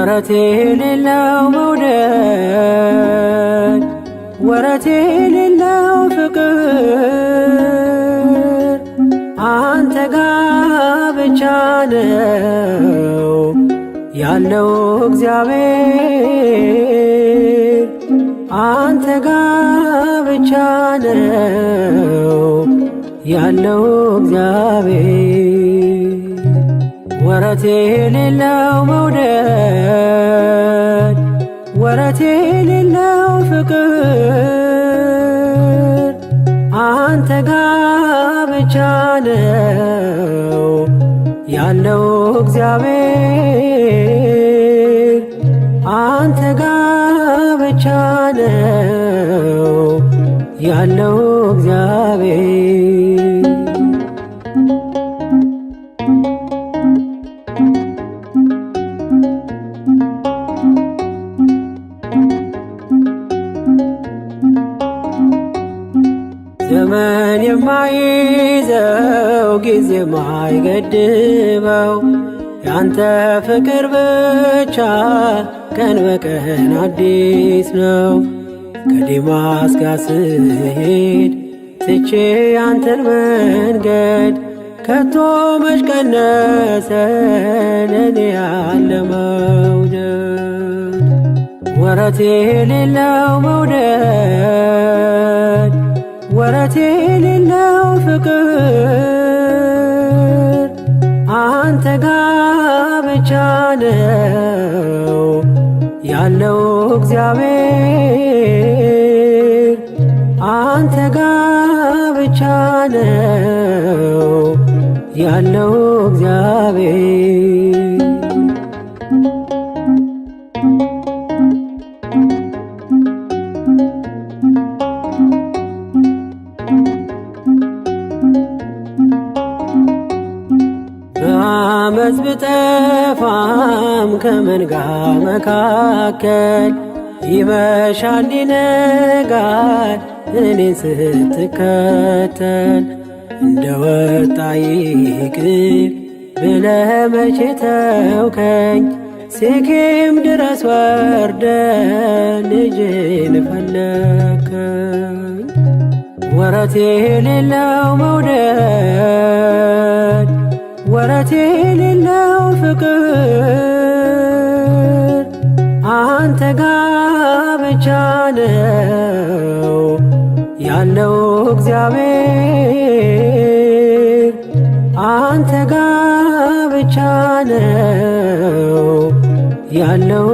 ወረቴ የሌለው መውደድ ወረቴ የሌለው ፍቅር አንተ ጋ ብቻ ነው ያለው እግዚአብሔር አንተ ጋ ብቻ ነው ያለው እግዚአብሔር ወረት የሌለው መውደድ ወረት የሌለው ፍቅር አንተ ጋ ብቻ ነው ያለው እግዚአብሔር አንተ ጋ ብቻ ነው ያለው እግዚአብሔር ዘመን የማይዘው ጊዜ የማይገድበው ያንተ ፍቅር ብቻ ቀን በቀን አዲስ ነው። ከዴማስ ጋር ስሄድ ትቼ ያንተን መንገድ ከቶ መች ቀነሰ ለኔ ያለ መውደድ ወረት የሌለው መውደድ ወረት የሌለው ፍቅር አንተ ጋ ብቻ ነው ያለው እግዚአብሔር አንተ ጋ ብቻ ነው ያለው እግዚአብሔር በአመፅ ብጠፋም ከመንጋ መካከል ይመሻል ይነጋል እኔን ስትከተል እንደ ወጣ ይቅር ብለህ መቼ ተውከኝ ሴኬም ድረስ ወርደ ልጄን ፈለከኝ ወረት የሌለው መውደድ ወረት ካንተ ጋር ብቻ ነው ያለው እግዚአብሔር አንተ ጋር ብቻ ነው ያለው